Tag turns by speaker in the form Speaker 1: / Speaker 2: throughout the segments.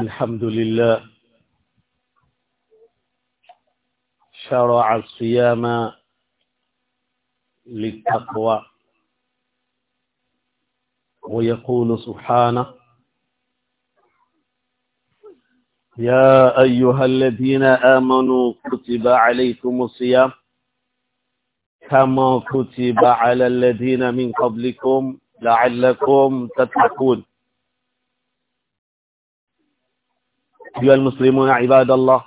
Speaker 1: الحمد لله شرع الصيام للتقوى ويقول سبحانه يا أيها الذين آمنوا كتب عليكم الصيام كما كتب على الذين من قبلكم لعلكم تتقون أيها المسلمون عباد الله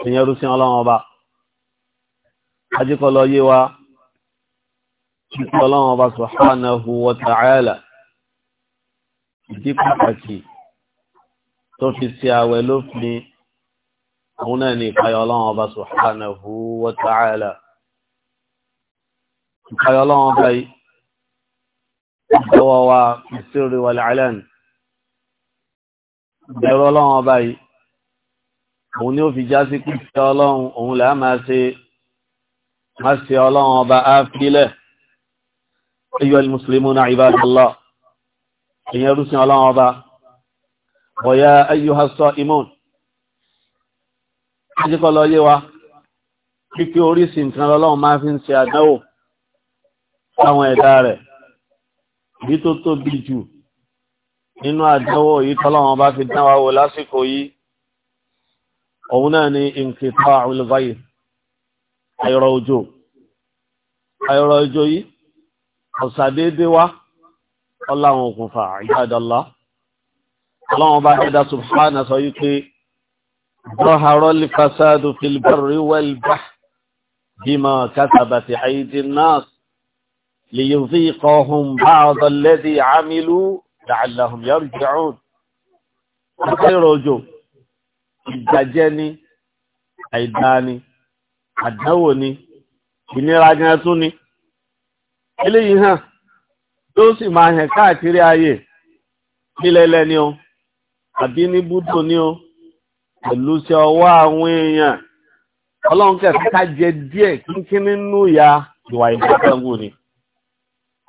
Speaker 1: ẹ̀yin ẹrúsìn ọlọ́run ọba ajíkọlọ yé wa títí ọlọ́run ọba subhanahu wa ta'ala ìdí pàtàkì tó fi sí àwẹ̀ lófin àwọn náà ní ìpayọ̀ ọlọ́run ọba subhanahu wa ta'ala ìpayọ̀ ọlọ́run ọba yìí ìjọwọ́ wa ìsírí wal alani bẹ̀rù ọlọ́run ọba yìí òun ni ó fi já sí pípẹ́ ọlọ́run òun là máa ṣe má ṣe ọlọ́run ọba á fílẹ̀ ayyuhal muslimuna ibadallah èyàn rúsìn ọlọ́run ọba ọ̀yà ayyuhas sa'imun ajíkọ́ lọ yé wa pípẹ́ oríṣi nǹkan ọlọ́run máa fi ń ṣe àdánwò fáwọn ẹ̀dá rẹ̀ bí tó tóbi jù nínú àdánwò yìí tọ́lọ́wọ́n bá fi dánwà wò lásìkò yìí òun náà ni inqita'ul ghayth àìrọ̀ òjò àìrọ̀ òjò yìí ọ̀sàdédé wá ọláwọn òkùnfà ìyáàdọ́lá ọlọ́wọ́n bá dẹ́dá subhana sọ yìí pé zahara al-fasadu fil barri wal bahri bima kasabat aydin nas liyudhiqahum ba'da alladhi 'amilu la'allahum yarji'un ọ̀pẹ̀rọ̀ òjò ìjàjẹ́ ni àìdá ni àdánwò ni ìnira gan tún ni eléyìí hàn tó sì máa hàn káàkiri ayé nílẹ̀lẹ̀ ni o àbí ní búdò ni o pẹ̀lú sí ọwọ́ àwọn èèyàn ọlọ́run kẹfẹ́ ká jẹ díẹ̀ kínkín nínú ìyá ìwà ìgbàgbọ́ ni.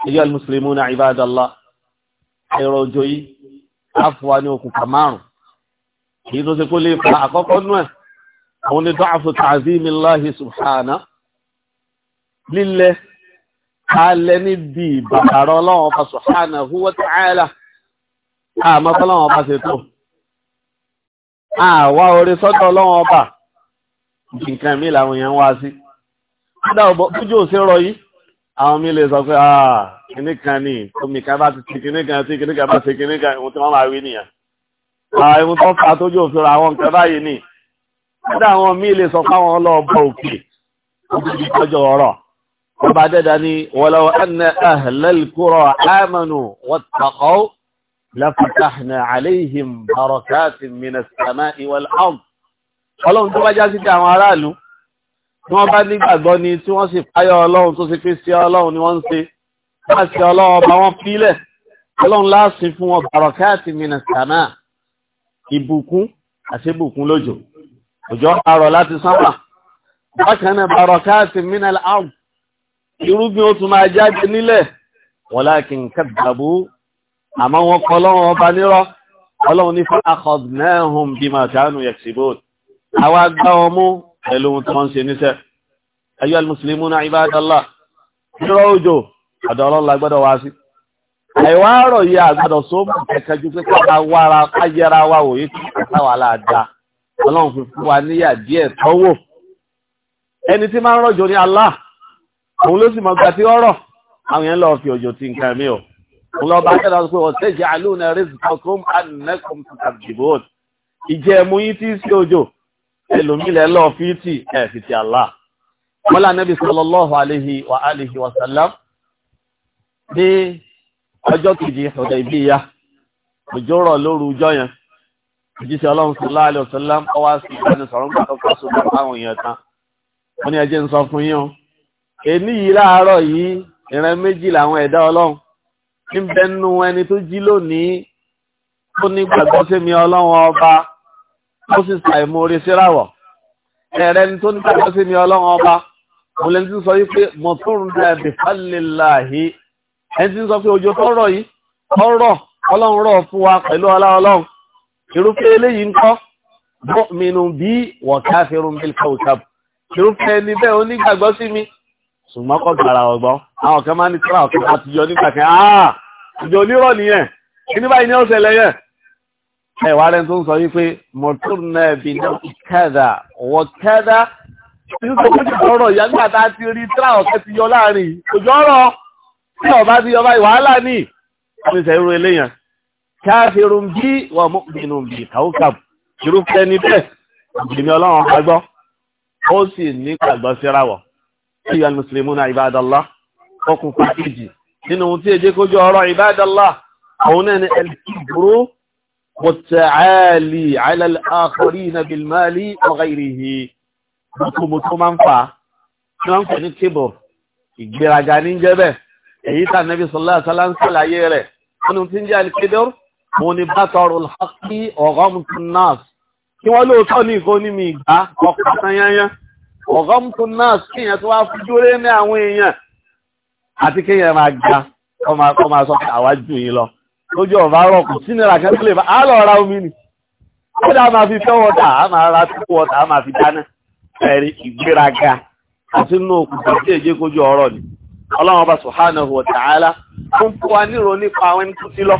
Speaker 1: ayyuhal muslimuna ibadallah ẹ̀rọ òjò yìí á fún wa ní okùnfà márùn èyí tó ṣe kó lè fa àkọ́kọ́ nú ẹ̀ àwọn ní dọ́àfù tààzímì láhi subhana lílẹ̀ kálẹ̀ níbi ìbàbàrọ̀ ọlọ́run ọba subhana huwa ta'ala àmọ́ ọlọ́run ọba ṣètò àwa orí sọ́dọ̀ ọlọ́run ọba nǹkan mi làwọn èèyàn wá sí. kódà òjò òsè rọ yìí àwọn mi lè sọ pé ah, kìnní kan ní omi kan bá ti ti kìnní kan tí kìnní kan bá ti kìnní kan ìwọ̀n tí wọ́n máa wí nìyẹn. ìwọ̀n ah, tó fà tójú òfin ra àwọn nǹkan báyìí ni kódà àwọn mi lè sọ fáwọn ọlọ́ọ̀bọ òkè ojú ìtọ́jú ọ̀rọ̀ ọba dẹ́dà ni wọlọ́wọ́ ẹnẹ ahlẹ́l kúrọ̀ ámánù wọ́tàkọ́ lẹ́fàtàhìnà àléhìm bàrọ̀kátì mìnà sàmá ìwọ̀l tí wọ́n bá nígbàgbọ́ ni tí wọ́n sì páyọ ọlọ́run tó ṣe pé sí ọlọ́run ni wọ́n ń ṣe wọ́n sì ọlọ́run ọba wọn pílẹ̀ ọlọ́run láàsìn fún wọn bàrọ̀káàtì mìnàsánà ìbùkún àti ìbùkún lójò òjò àrọ̀ láti sánmà bákan náà bàrọ̀káàtì mìnàlá àrùn irúgbìn ó pẹ̀lú ohun tí wọ́n ń ṣe níṣẹ́ ayyuhal muslimuna ibadallah rírọ̀ òjò àdọ̀ ọlọ́run lágbọ́dọ̀ wá sí àìwá ọ̀rọ̀ yìí àgbàdọ̀ sóòmù kẹ̀kẹ́ ju pé ká wára ká yẹra wa wòye kí àtàwà láàdá ọlọ́run fi fún wa níyà díẹ̀ tọ́wọ́ ẹni tí máa ń rọ̀jò ní Allah òun ló sì mọ̀ gbà tí ó rọ̀ àwọn yẹn lọ fi òjò ti nǹkan mi ò òun lọ bá kẹ́lá pé ọ̀sẹ̀ jẹ́ àlùna rizqakum annakum tukadzibun ìjẹ́ ẹ̀mú yín tí í sí òjò ẹlòmílẹ̀ lọ fi tì ẹ̀ fi ti Allah wọ́n lá nẹ́bí sallallahu alayhi wa alihi wa sallam ní ọjọ́ kejì Hudaybiyah òjò rọ̀ lóru ọjọ́ yẹn òjíṣẹ́ ọlọ́run sallallahu alayhi wa sallam ọwá sí ìbánisọ̀rọ̀ nígbà tó kọ́ sódà fáwọn èèyàn tán wọ́n ní ẹjẹ́ ó sì ṣàìmọ̀ orí síráwọ̀ ẹ̀rẹ́ ni tó nígbà tó sì ní ọlọ́run ọba mo lẹ́ni tí ń sọ yí pé mo tó ń rẹ bìfálìláhì ẹni tí ń sọ pé òjò tó rọ̀ yìí ọ̀rọ̀ ọlọ́run rọ̀ fún wa pẹ̀lú ọlá ọlọ́run irúfẹ́ eléyìí ń kọ́ mọ́mìnú bí wọ̀ká fi rún bí kàwùkàwù irúfẹ́ ẹni bẹ́ẹ̀ onígbàgbọ́ sí mi ṣùgbọ́n kọ́ gbàrà ọ̀gbọ́n àwọn kan máa ń ní tíra ọ̀kan àtijọ́ nígbà kan àà ìjọ onírọ̀ nìyẹn kí ní báyìí ní ọ̀sẹ̀ lẹ́yìn ẹ̀wà rẹ̀ tó ń sọ wípé mọ̀tòrùnà ẹ̀bì náà kẹ́dà wọ kẹ́dà tí ó kọjú ọ̀rọ̀ ìyágbà tá a ti rí tíra ọ̀kẹ́ ti yọ láàrin òjò ọ̀rọ̀ tí ọba ti yọba ìwàhálà ní ìpèsè irú eléyàn káfíìrún bí wà mọ́kùnrin bí kàókà irúfẹ́ ní bẹ́ẹ̀ ìgbìmí ọlọ́run agbọ́ ó sì ní gbàgbọ́ síra wọ̀ ẹ̀yà mùsùlùmí والتعالي على الآخرين بالمال وغيره mọ̀tòmọ̀tò máa ń fa kí wọ́n ń pè ní kébọ̀ ìgbéraga ní jẹ́bẹ̀ èyí tà nẹ́bí sallallahu alaihi wasallam ń sàlàyé rẹ̀ nínú tí ń jẹ́ alikébọ̀ mo ní batarul haqqi ọ̀gọ́mùtún nas kí wọ́n lóòótọ́ ní ìkó ní mi ìgbà ọkọ̀ sanyanya ọ̀gọ́mùtún nas kí èèyàn tó wá fojú ré ní àwọn èèyàn àti kí èèyàn máa ga kọ́ máa sọ pé àwájú yìí lọ lójú ọ̀bá rọ̀ kò sí nira kan lè bá a lọ ra omi ni ó dá máa fi fẹ́ wọ́tà a máa ra tó wọ́tà a máa fi dáná ẹ̀rí ìgbéraga àti inú òkùnkùn tí èjé kojú ọ̀rọ̀ ni ọlọ́run ọba subhanahu wa ta'ala fún fún wa nírò nípa àwọn ẹni tó ti lọ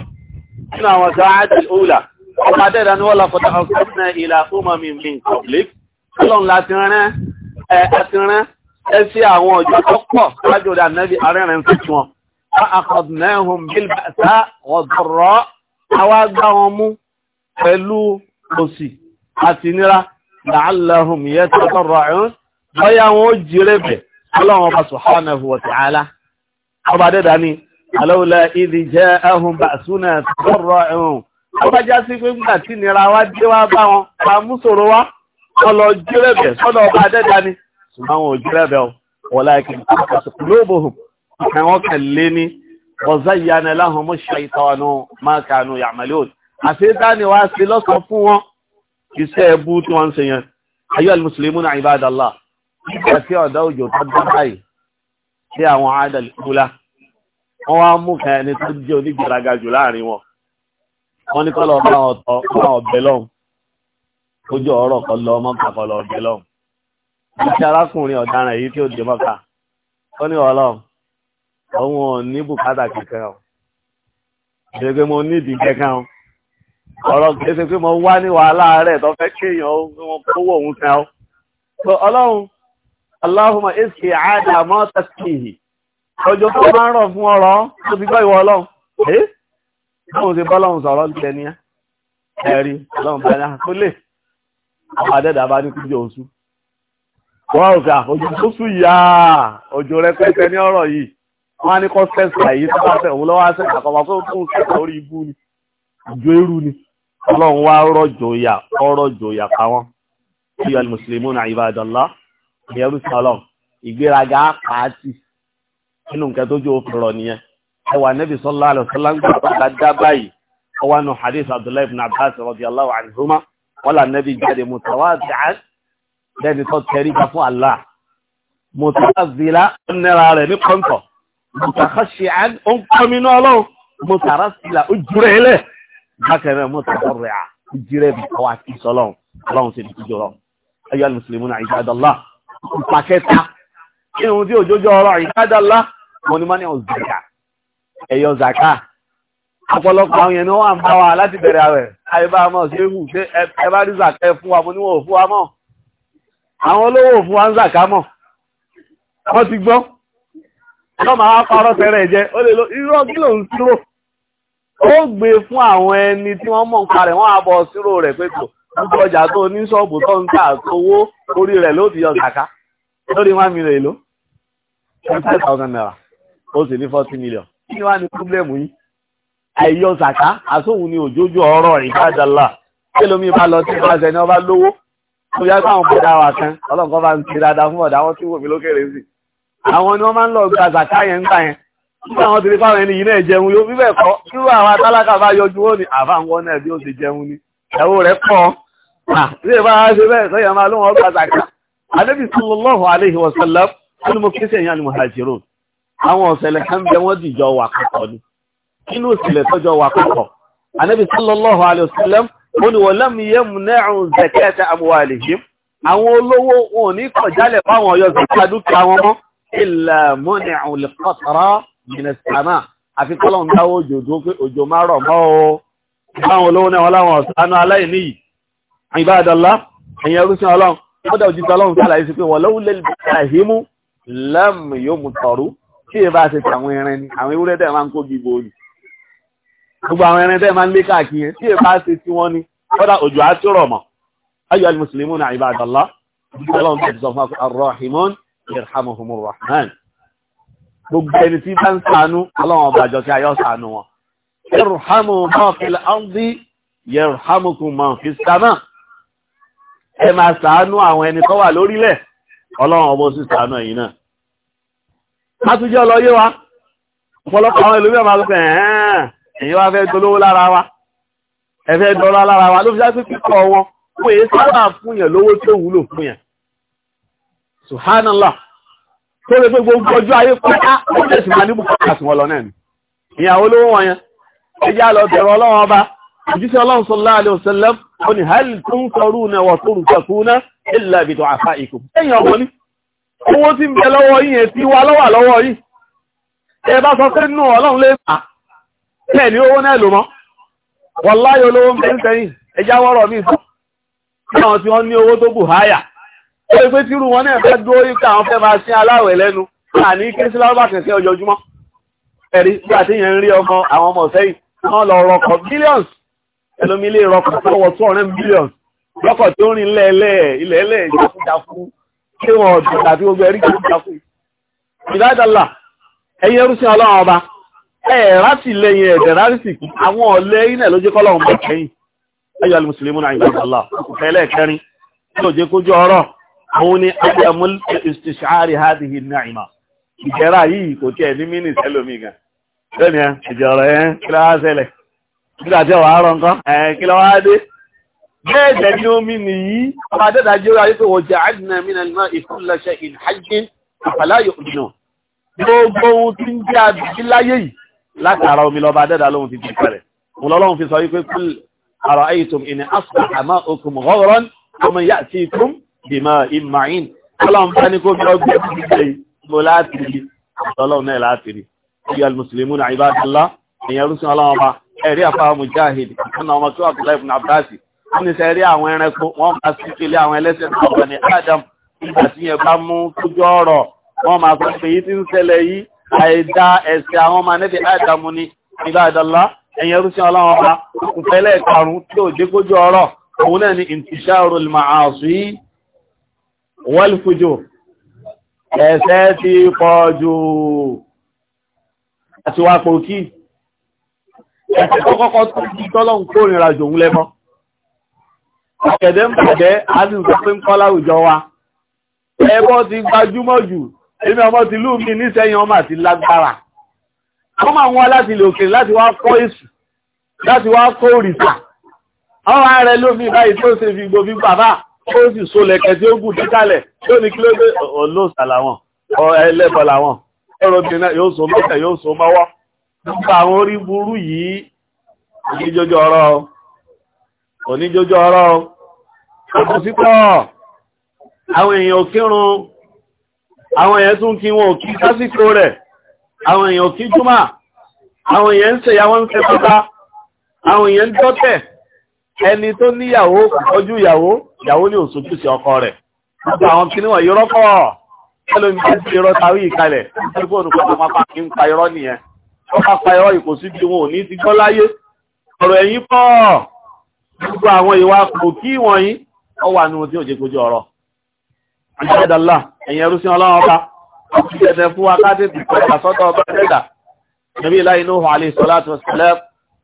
Speaker 1: nínú àwọn sàáàtì òòlà ọba dẹ́dà ni wọ́n lọ fọ́tà ọ̀sán ilà fúnmọ́ mi mi kọ̀ọ̀lẹ́ ọlọ́run láti rán ẹ àti rán ẹ sí àwọn ọjọ́ tó pọ̀ lájọ̀dá nẹ́bí arẹ́rìn tuntun wọn فأخذناهم بالبأساء والضراء أواجههم pẹ̀lú òsì àti nira la'allahum yatadarra'un bọ́yá wọn ó jíre bẹ̀ ọlọ́run ọba subhanahu wa ta'ala ọba dẹ́dà ni alawla idh ja'ahum ba'suna tadarra'un ó bá já sí pé nígbà tí nira wá dé wá bá wọn bá mú ṣòro wá wọn lọ jíre bẹ̀ sọ́dọ̀ ọba dẹ́dà ni ṣùgbọ́n wọn ò jíre bẹ̀ walakin qasat qulubuhum ọkàn wọn kàn lé ní ọ̀zá ìyanu ẹláhùn mú ṣàìtọ́nù máa kànú yàmàlóòdì àti dání wá sí lọ́sàn fún wọn iṣẹ́ ẹbú tí wọ́n ń ṣe yẹn ayọ́ alùmùsùlùmí náà ibadallah nígbà tí ọ̀dọ́ òjò tó dá báyìí sí àwọn àdàlùkúlá wọ́n wá mú kan ẹni tó jẹ́ onígbèraga jù láàrin wọn wọ́n ní kọ́lọ̀ bá wọn tọ́ fún ọ̀bẹ ojú ọ̀rọ̀ kan lọ mọ́kà kọ́lọ̀ ọ̀bẹ lọ́hùn iṣẹ́ arákùnrin ọ̀daràn èyí tí ó dé mọ́kà ó ní ọlọ́run àwọn òní bùkátà kankan o ṣe pé mo ní ìdí kankan o ọ̀rọ̀ kìí ṣe pé mo wá ní wàhálà rẹ̀ tó fẹ́ kéèyàn ó wọn kówó òun kan o so ọlọ́run aláhùnmọ̀ èsì àdàmọ́ tàkìhì
Speaker 2: ọjọ́ tó máa ń
Speaker 1: rọ̀ fún ọ̀rọ̀ tó ti gbọ́ ìwọ ọlọ́run ẹ́ báwọn ṣe bọ́lọ́run sọ̀rọ̀ lẹ́ ní ẹ̀rí ọlọ́run bá yá tó lè àwọn adẹ́dà bá ní kújọ oṣù wọ́n rò pé àkójọ tó sùn yá òjò rẹpẹtẹ ní ọ̀rọ̀ yìí wọ́n á ní kọ́sẹ̀sì àyè tó bá fẹ́ òun lọ́wọ́ á sẹ́yìn àkọ́kọ́ tó tún sẹ́yìn lórí ibú ni ìjọ eru ni ọlọ́run wá rọ̀jò ìyà ọrọ̀jò ìyà pa wọ́n kí ọ̀lẹ́ mùsùlùmí náà ìbádọ́lá ìyẹrù sọlọ́m ìgbéraga pàátì nínú nǹkan tó jẹ́ òfin rọ̀ nìyẹn ẹwà nẹ́bí sọ́lá àlọ́sọ́lá ń gbà bá dá báyìí ọwọ́ nù hadith abdullahi ibn abbas radiyallahu anhuma wala nẹ́bí jáde mutawadi'an mùtàkàṣìán ó ń kọ́mínú ọlọ́run mùtàrásílà ó jùrẹ́ ilẹ̀ bákan náà mùtàkọ́rẹ́ à ó jùrẹ́ bí ọwọ́ àti ìsọlọ́run ọlọ́run ti dùn jọrọ ayé alùsùlùmí náà ìbádọ́lá ìpàkẹ́ta ihun tí òjòjò ọ̀rọ̀ ìbádọ́lá wọn ni wọ́n ní ọ̀zàkà ẹ̀yọ zàkà ọ̀pọ̀lọpọ̀ àwọn èèyàn wà ń bá wa láti bẹ̀rẹ̀ àwẹ̀ àyíbá mọ̀ sí ehu bá rí ti gbọ́ yọ́ máa parọ́ tẹ́rẹ̀ jẹ́ ó lè lo irọ́ kí ló ń sírò ó gbé fún àwọn ẹni tí wọ́n mọ̀ nípa rẹ̀ wọ́n á bọ̀ sírò rẹ̀ pé kò gbogbo ọjà tó ní ṣọ́ọ̀bù tó ń tà owó orí rẹ̀ ló ti yọ kàkà lórí one million èlò five thousand naira ó sì ní forty million kí ni wàá ní pírọ́blẹ́mù yìí àìyọ sàká àsóhun ni òjòjú ọ̀rọ̀ ìbádàlá kí lómi bá lọ sí ìbáṣẹ ni wọ́n bá lówó tó yá káwọn bọ̀dá wa kan ọlọ́nkọ́ bá ń ti dáadáa fún ọ̀dà wọn tí wò mí lókèrè sí i àwọn ni wọ́n máa ń lọ gba zaka yẹn gbà yẹn nígbà wọn ti rí fáwọn ẹni yìí náà jẹun yóò bíbẹ̀ kọ́ irú àwọn atálákà bá yọjú ó ní àbá ń wọ́n náà bí ó ti jẹun ni ẹ̀wò rẹ̀ pọ̀ ilé ìbá ṣe bẹ́ẹ̀ sọ́yà máa lóhun ọgbà zaka adébí sallallahu alaihi wa sallam nínú mo kéṣe ìyá ni muhajirun àwọn ọ̀sẹ̀lẹ̀ kan bẹ wọ́n dìjọ wà kọ̀kọ̀ ni kí ló sì lẹ́tọ́jọ wà kọ̀kọ̀ adébí sallallahu alaihi wa sallam ó ní wọ́n ní wọn mọ́ ìlà mọ́nì àwòlẹ́kọ̀tọ̀rọ̀ mìnísítàmà àfi kọ́lọ̀ ń dáwọ́ òjò tó pé òjò máa rọ̀ mọ́ o báwọn olówó náà wọn láwọn ọ̀sánú aláìní yìí ìbádọ́lá ẹ̀yìn ọdún ọlọ́run kódà òjìṣẹ́ ọlọ́run sàlàyé sí pé wọ́n lọ́wọ́ lè ṣàhímú lẹ́mù yóò mú tọ̀rú tí èèbá ṣe tàwọn ẹran ni àwọn ewúrẹ́ tẹ̀ máa ń kó gbogbo yarhamuhumur rahman gbogbo ẹni tí bá ń sànú ọlọ́wọ́n bá jọ kí ayọ́ sànú wọn yarhamu man fil ardi yarhamukum man fis sama ẹ máa sànú àwọn ẹni tó wà lórílẹ̀ ọlọ́wọ́n ọbọ̀ sí sànú ẹ̀yìn náà má tún jẹ́ ọlọ́yé wa ọ̀pọ̀lọpọ̀ àwọn ìlú mẹ́wàá lọ́pẹ̀ ẹ̀ẹ́n èyí wá fẹ́ dolówó lára wa ẹ̀fẹ́ dọ́lá lára wa ló fi já pípọ̀ wọn fún èyí sábà fún yẹn lówó tó wúlò fún yẹn subhanallah tó lè pé gbogbo ọjọ́ ayé pátá ó lè sì máa ní bùkátà sí wọn lọ náà ni ìyàwó lówó wọn yẹn ẹ jẹ́ àlọ́ bẹ̀rù ọlọ́run ọba òjíṣẹ́ ọlọ́run sallallahu alaihi wasallam ó ní hal tunṣaruna ń bẹ lọ́wọ́ yìí yẹn ti náà lò mọ́ wallahi ó lè pé tírú wọn náà fẹ́ dúró yíká àwọn fẹ́ máa sí aláwẹ̀ lẹ́nu àní kí sí lábàbà kẹsẹ́ ọjọ́júmọ́ ẹ̀rí bí àti yẹn ń rí ọmọ àwọn ọmọ sẹ́yìn wọ́n lọ rọkọ̀ billions ẹlòmí ilé rọkọ̀ tó wọ two hundred billions rọkọ̀ tó rìn lẹ́ẹ̀lẹ́ ilẹ̀ẹ́lẹ́ ìjàkújàkú kí wọ́n ọ̀dọ̀ tàbí gbogbo ẹ̀rí ìjàkújàkú ìdádàlà ẹ̀yin ẹrú ọlọ́run ọba ẹ̀ẹ̀rá sì lẹ́yìn ẹ̀dẹ̀ rárísì àwọn ọ̀lẹ́ ilẹ̀ ló kọ́lọ́run bọ̀ kẹ́yìn ayọ̀ alùmùsùlùmí náà ìgbàgbọ́lá هون عدم استشعار هذه النعمة ìjẹ́ra yìí kò tí ẹ̀ ní mínì sẹ́lòmí gan lẹ́ni ẹ ìjọra ẹ kí lọ́wọ́ ṣẹlẹ̀ nígbà tí ọwọ́ àárọ̀ nǹkan ẹ kí lọ́wọ́ adé bẹ́ẹ̀ jẹ́ ní omi nìyí ọba dẹ́dà jẹ́ orí ayépé wọ́n jẹ́ àdínà mínà náà ìfúnlẹ̀ṣẹ̀ ìhàjìn àfàláyò ìnà gbogbo ohun tí ń jẹ́ àbíkí láyé yìí látara omi lọ́ba dẹ́dà lóhun ti jẹ́kẹ̀rẹ̀ mo lọ́lọ́run fi sọ wípé kúl àrọ̀ ayétum ìní asùn àmọ́ okùn ọ̀rọ̀ ọmọ yà sí ikún bímọ ìmọ̀ọ́yìn ọlọ́run bá ní kó bí ọgbẹ́ ti ṣe mo láti rí ọlọ́run náà láti rí ibi alùmùsùlùmí náà ìbádọ́lá èèyàn rúṣin ọlọ́run ọba ẹ̀rí àfáà mujahid ìkànnà ọmọ tó àbúlá ibùn abdasi wọ́n ní sẹ́rí àwọn ẹranko wọ́n máa sí kele àwọn ẹlẹ́sẹ̀ náà wọ̀ ní adam nígbà tí yẹn bá mú kójú ọ̀rọ̀ wọ́n máa sọ pé yìí ti ń ṣẹlẹ̀ yìí àìdá ẹ̀sẹ̀ àwọn ọmọ anẹ́bí adam ni ìbádọ́lá ẹ̀yẹn rúṣin ọlọ́run ọba ìfẹ́lẹ̀ karùn-ún tí ò dé kójú ọ̀rọ̀ òun náà ni intisharul ma'asi wọ́lùfújò ẹ̀ṣẹ̀ ti pọ̀ jù àti wà pò kí ẹ̀ṣẹ̀ tó kọ́kọ́ tó kí tọ́lọ́n kó ìrìnrà jòun lẹ́mọ́ ọ̀kẹ̀dẹ̀ ń bàjẹ́ àdìsọ pé ń kọ́ láwùjọ wa ẹbọ́ ti gbajúmọ̀ jù èmi ọmọ ti lú mi nísẹ̀yìn ọmọ àti lágbára wọ́n máa wọ́n láti ilẹ̀ òkèrè láti wá kọ́ èṣù láti wá kó òrìṣà ọ̀rọ̀ rẹ̀ lómi báyìí tó ṣe fi gbòmí bàbá ó sì so lẹ̀kẹ̀ tí ó gùn díkàlẹ̀ tí ó ní kí ló dé ọlọ́sà làwọn ẹlẹ́bọ̀ làwọn ọ̀rọ̀bìnrin náà yóò so mọ́tẹ̀ yóò so mọ́wọ́ nípa àwọn orí burú yìí oníjójó ọ̀rọ̀ oníjójó ọ̀rọ̀ àkọsípọ̀ àwọn èèyàn kírun àwọn èèyàn tún kí wọn ò sásìkò rẹ̀ àwọn èèyàn kí júmà àwọn èèyàn ń ṣèyàwó ń ṣe pátá àwọn èèyàn ń dọ́tẹ̀ ẹni tó níyàwó kò tọ́jú ìyàwó ìyàwó ní òṣòjúṣe ọkọ rẹ̀ nípa àwọn kìnnì wọ̀nyí rọ́pọ̀ ẹlòmí bá ti irọ́ tàwí ìkalẹ̀ nígbà olùkọ́ tó máa kí ń pa irọ́ nìyẹn wọ́n bá pa irọ́ ìkò síbi wọn ò ní ti gbọ́ láyé ọ̀rọ̀ ẹ̀yìn pọ̀ gbogbo àwọn ìwà kò kí wọ̀nyí ọ wà nínú tí ò jẹ́ kojú ọ̀rọ̀ ẹ̀yìn ẹrú sí ọlọ́run ọba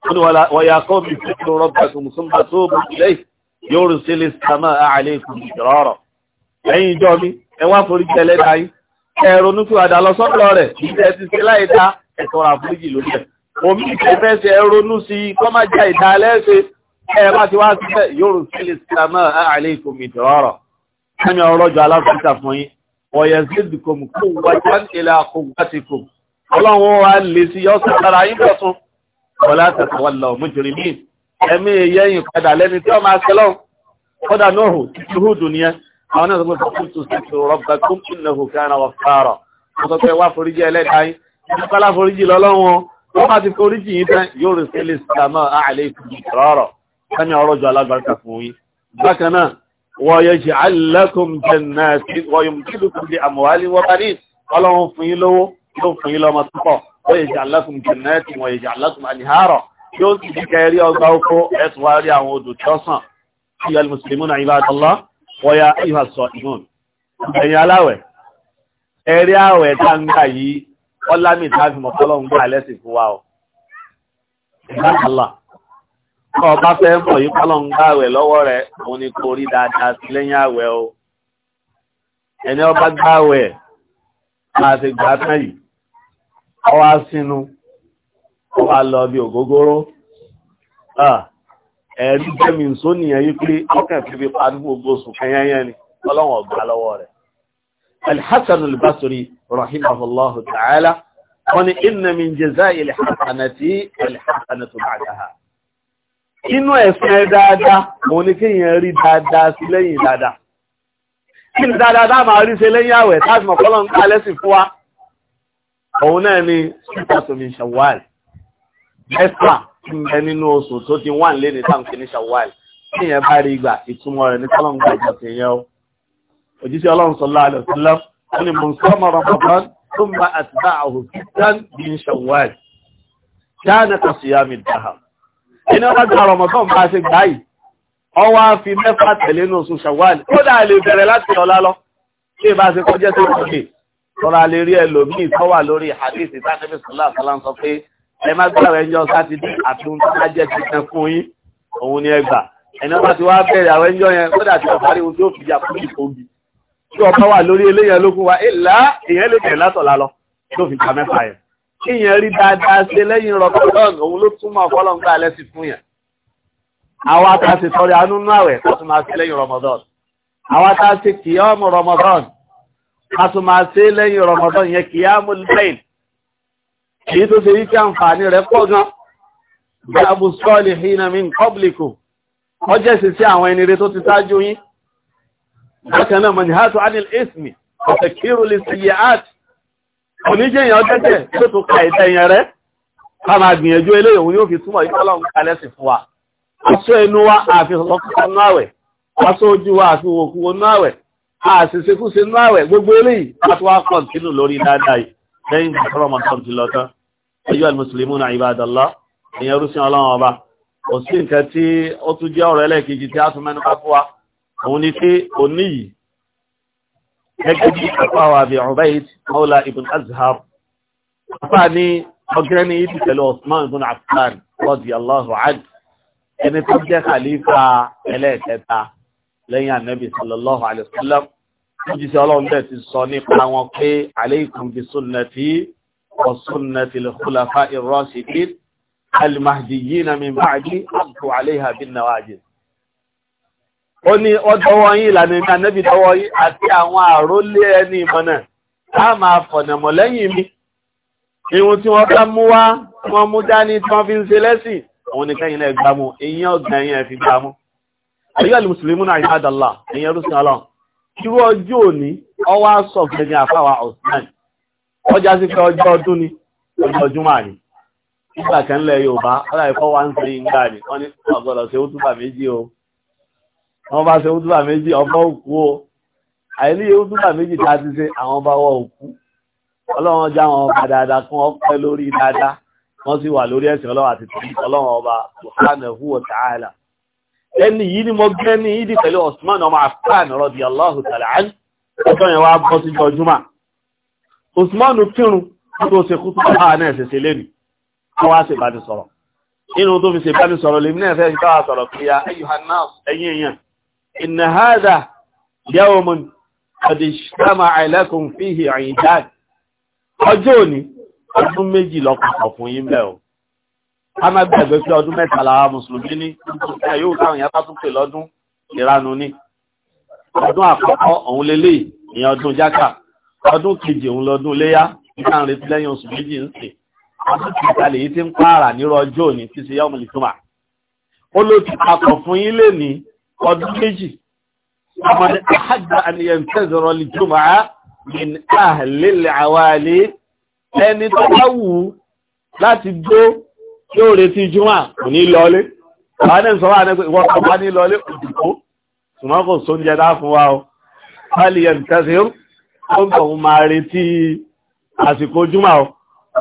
Speaker 1: قل ويا قوم اذكروا ربكم ثم توبوا إليه يرسل السماء عليكم مدرارا ẹ̀yin ìjọ mi ẹ wá forí tẹ̀lé dá yín ẹ ronú tí wàdà lọ sọ́dọ̀ rẹ̀ ìṣẹ́ ti ṣe láì dá ẹ̀tọ́ ra fúrújì lórí ẹ̀ omi ìṣẹ́ fẹ́ ṣe ẹ ronú sí i kọ́ máa jẹ́ ìdá lẹ́sẹ̀ ẹ bá ti wá síbẹ̀ يرسل السماء عليكم مدرارا sẹ́mi ọ̀rọ̀ jọ aláfíìsà fún yín ويزدكم قوة إلى قوتكم ọlọ́run wa lè sí yọ wọlé àtẹ̀sẹ̀ wọn lọ mujrimin ẹ̀mí yẹ́yìn padà lẹ́ni tí wọ́n máa ṣe lọ́wọ́ kódà nóòhù títí húdù nìyẹn àwọn náà sọ pé fún tòṣìṣẹ́ rabbakum innahu kana ghaffara wọ́n sọ pé wá foríjì ẹlẹ́dàá yín nípalá foríjì lọ́lọ́wọ́n wọ́n bá ti foríjì yín tán yóò rí sílẹ̀ sàmà àlẹ́ ìfúnjọ́rọ̀ sẹ́mi ọ̀rọ̀ jọ alágbàrúkà fún yín bákan náà wọ́n yẹ jẹ́ alákùn jẹ́nà sí wọ́n yóò ó yẹ jàlákùn jẹ̀nẹ́ẹ̀tì wọ́n yẹ jàlákùn àníhárọ̀ yóò sì bí kẹrí ọgbà oko ẹ̀sùn wá rí àwọn odò tí ó sàn sí ìyá mùsùlùmí náà ibà dọ́lá wọ́yá ìhà sọ ìmọ̀n ẹ̀yìn aláwẹ̀ ẹ̀rí àwẹ̀ tá ń gbà yìí ọlá mi tá fi mọ̀kọ́lọ́ ń gbà lẹ́sìn fún wa o ìbáàlá kọ́ ọba fẹ́ mọ̀ yí kọ́lọ́ ń gbà àwẹ̀ lọ́wọ́ rẹ̀ òun ni kò rí dáadáa sí lẹ́yìn àwẹ̀ o ẹni ọba gbà àwẹ̀ máa ti gbà tán yìí ọwá sínú ọwá lọ bí ògógóró ẹ̀rí jẹ́mi ń só nìyàn yí pé ọkàn fi fi pa gbogbo sùn kẹyẹyẹ ni ọlọ́wọ̀n ọgbà lọ́wọ́ rẹ̀ alhassan al-basri rahimahullahu ta'ala wọ́n ni inna min jazai alhassanati alhassanatu ba'daha inú ẹ̀fẹ́ dáadáa mo ní kí yẹn rí dáadáa sí lẹ́yìn dáadáa kí ni dáadáa máa òun náà ni sípàtò ní ṣàwàl ẹ́sà ń bẹ nínú oṣù tó ti wà lé ní táǹkì ní ṣàwàl tí ìyẹn bá rí ìgbà ìtumọ̀ rẹ̀ ní tọ́lọ́n gbà ìjọ ti yẹ ọ́ òjíṣẹ́ ọlọ́run sọ láàlẹ̀ sílẹ̀ ó ní mò ń sọ ọmọ rọpọpọ tó ń bá àtìbá àhùn kíkan bí ń ṣàwàl dáná kò sí yàmi dáhà iná wá gba rọmọdán bá ṣe gbà yìí ọwọ́ á fi mẹ́fà tẹ̀lé ní oṣù ṣàwàl kódà lè bẹ̀rẹ̀ láti ọ̀la lọ tí ì tọ́ra lè rí ẹlòmíì tó wà lórí hadith ìtàkùnrin sọlá sọlá ń sọ pé ẹ má gbàgbé ẹjọ́ sátidé àti ohun tó bá jẹ́ tuntun fún yín òun ni ẹ gbà ẹni ọba ti wá bẹ̀rẹ̀ àwọn ẹjọ́ yẹn kódà tí ọba rí ohun tó fi jà fún ìfòbi tí ọba wà lórí eléyẹn lókun wa èlà èèyàn lè tẹ̀ látọ̀lá lọ tó fi jà mẹ́fà yẹn kíyàn rí dáadáa ṣe lẹ́yìn rọ̀kọ̀lọ́ọ̀nù òun ló a tún máa Ramadan yẹn kìyàmù tó ṣe yí kí àǹfààní rẹ̀ pọ̀ gan gbàbù sọ́ọ̀lì hìnàmí kọ́bìlìkù ọjẹ́ sì sí àwọn ẹni tó ti ṣáájú yín bákan náà mọ̀nìhátù anil ismi ọ̀sẹ̀ kírù lè sí yàát tó tó ka ìdẹ̀yìn rẹ̀ ká máa gbìyànjú eléyìí òun yóò fi túmọ̀ ìkọlọ́run kalẹ̀ sí fún wa aṣọ ẹnu wa àfi ọ̀sọ̀kọ̀ náà wẹ̀ aṣọ wa òkú náà àṣìṣekúṣe nú àwẹ̀ gbogbo eléyìí láti wá kọ̀ǹtínù lórí dáadáa yìí lẹ́yìn ìgbà tọ́rọ mọ̀ tọ́m ti lọ tán ẹjọ́ ìmùsùlùmí náà ìbádọ́lá ìyẹn rúṣin ọlọ́run ọba kò sí nǹkan tí ó tún jẹ́ ọ̀rọ̀ ẹlẹ́ẹ̀kejì tí a tún mẹ́nu bá fún wa òun ni pé òní yìí gẹ́gẹ́ bí apá wa bí Ubayd maula ibn azhar apá ní ọgẹ́ni ibi pẹ̀lú Osman ibn Affan radiyallahu anhu ẹni tó jẹ́ khalifa ẹlẹ́ẹ̀kẹta lẹ́yìn ànábì sallallahu alayhi wa sallam ojúṣe ọlọ́run bẹ́ẹ̀ ti sọ nípa wọn pé alaykum bi sunnati wa sunnati al-khulafa'ir rashidin al-mahdiyyin min ba'di abdu alayha bin nawajid ó ní ọdọwọ yín ìlànà ìmí ànábì dọwọ yín àti àwọn àrólé ẹni ìmọ̀nà á máa fọ̀nàmọ̀ lẹ́yìn mi ihun tí wọ́n bá mú wá wọ́n mú dání tí wọ́n fi ń ṣe lẹ́sìn òun nìkan yìí lẹ́gbàmú èyí ọ̀gá yẹn fi gbàmú àríyàlì mùsùlùmí náà ìbádàlá ẹ̀yẹn rúsùn aláwọ̀ irú ọjọ́ òní ọwọ́ aṣọ gẹ́gẹ́ àfáwà osman ọjà sí pé ọjọ́ ọdún ni ọjọ́ ọdúnmà ni nígbà kan lẹ̀ yorùbá ọ̀là ìfọ́ wa ń ṣe ìgbà ni wọ́n ní ọ̀gọ́dọ̀ ṣe útúbà méjì o wọ́n bá ṣe útúbà méjì ọba òkú o àìní útúbà méjì tá a ti ṣe àwọn bá wọ òkú ọlọ́run já wọn ọba dáadáa kún ọpẹ́ lórí dáadáa wọ́n sì wà lórí ẹ̀sìn ọlọ́run àti tẹ̀lé ọlọ́run ọba subhanahu wa ta'ala ẹni yìí ni mo gẹ́ ní ìdí pẹ̀lú Osman ọmọ Affan radiyallahu ta'ala anhu ọjọ́ yẹn wá bọ́ sí ọjúmà Osman kírun tó ṣe kú tó bá náà ṣe ṣe lẹ́nu wọ́n wá ṣe báni sọ̀rọ̀ inú tó fi ṣe báni sọ̀rọ̀ lèmi náà fẹ́ ká sọ̀rọ̀ pé ya ọjọ́ òní ọdún méjì lọ́kọ̀ọ̀kan fún yín ká má gbàgbé pé ọdún mẹ́tàlá mùsùlùmí ní ìpínlẹ̀ yóò táwọn èèyàn bá tún pè lọ́dún ìranu ní ọdún àkọ́kọ́ òun lélẹ̀ ìyẹn ọdún jákà ọdún kejì òun lọ́dún léyá nígbà ń retí lẹ́yìn oṣù méjì ń sè ọdún kìkà lèyí ti ń pààrà nírọ̀ ọjọ́ òní ti ṣe yọ́mù ìtumà ó ló ti papọ̀ fún yín lè ní ọdún méjì ọmọ ní àhájà àníyàn tẹ́sọ̀rọ̀ ìtumà min ahlil awali ẹni tó bá wù láti gbó yóò retí juma kò ní lọlé àwọn ẹ̀sọ́ wà ní wọ́n kọ́ bá ní lọlé òdìkó ṣùgbọ́n kò só ń jẹ dá fún wa o alien kẹsìrún ó ń bọ̀ máa retí àsìkò júmọ́ o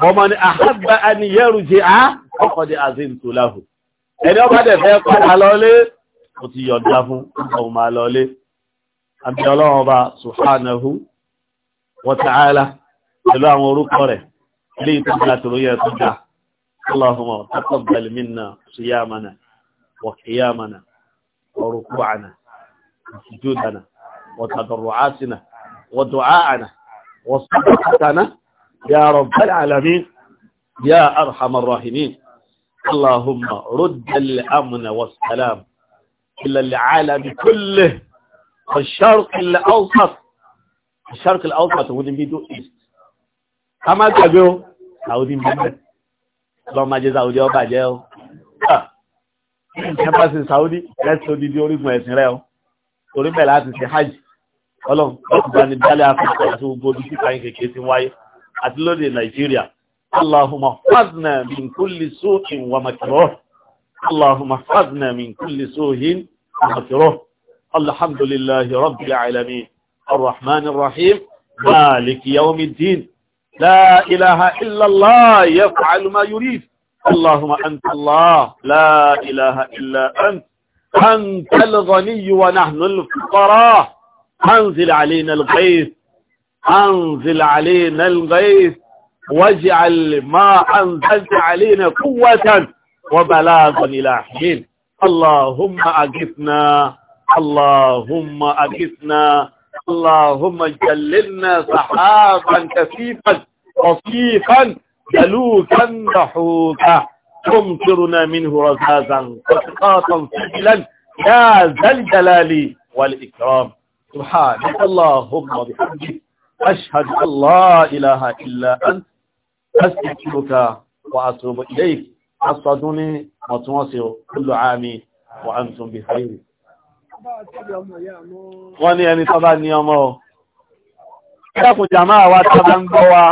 Speaker 1: ọmọ ni àhábà àníyẹ́rù jẹ á ọkọ̀ di azim tó láhù ẹni ọba dẹ̀ fẹ́ padà lọlé ó ti yọ̀dá fún ó ń bọ̀ máa lọlé àbí ọlọ́run ọba subhanahu wa ta'ala pẹ̀lú àwọn orúkọ rẹ̀
Speaker 2: ilé ìtọ́jú àtòrò yẹ tó dáa
Speaker 1: اللهم تقبل منا صيامنا وقيامنا وركوعنا وسجودنا وتضرعاتنا ودعاءنا وصدقتنا يا رب العالمين يا أرحم الراحمين اللهم رد الأمن والسلام إلى العالم كله الشرق الأوسط الشرق الأوسط ودين بيدو إيست أما تبعو أودين بيدو lọ́mọ ajé Saudi ọba jẹ́ o ẹ̀pàṣẹ ah. Saudi rẹ́sì odidi orígun ẹ̀sìn rẹ̀ o torí bẹ̀ láti ṣe hajj ọlọ́run ọkùnrin ní dálẹ́ afẹ́fẹ́ àti gbogbo ojú títà yín kékeré ti wáyé àti lóde Nàìjíríà Allahumma fadna min kulli su'in wa makruh Allahumma fadna min kulli su'in wa makruh Alhamdulillahi rabbil alamin الرحمن الرحيم مالك يوم الدين لا إله إلا الله يفعل ما يريد اللهم أنت الله لا إله إلا أنت أنت الغني ونحن الفقراء أنزل علينا الغيث أنزل علينا الغيث واجعل ما أنزلت علينا قوة وبلاغا إلى حين اللهم أجثنا اللهم أجثنا اللهم جللنا سحابا كثيفا رفيقا جلوكا نحوكا تمطرنا منه رزازا وسقاطا سجلا يا ذا الجلال والإكرام سبحانك اللهم بحمدك أشهد أن لا إله إلا أنت أستغفرك وأتوب إليك أصدني وتواصل كل عام وأنتم بخير wọ́n ní ẹni tọ́bá ní ọmọ ọ̀. ẹ̀kùn jàmáà wa tọ́bá ń gbọ́ wa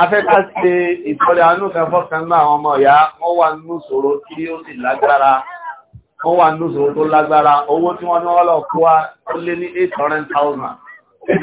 Speaker 1: afẹ́ká ṣe ìtọ́lẹ̀ anú kẹfọ́kan náà àwọn ọmọ ìyá wọ́n wà nínú ṣòro tí ó sì lágbára wọ́n wà nínú ṣòro tó lágbára owó tí wọ́n ní wọ́n lọ kó wá ó lé ní 800,000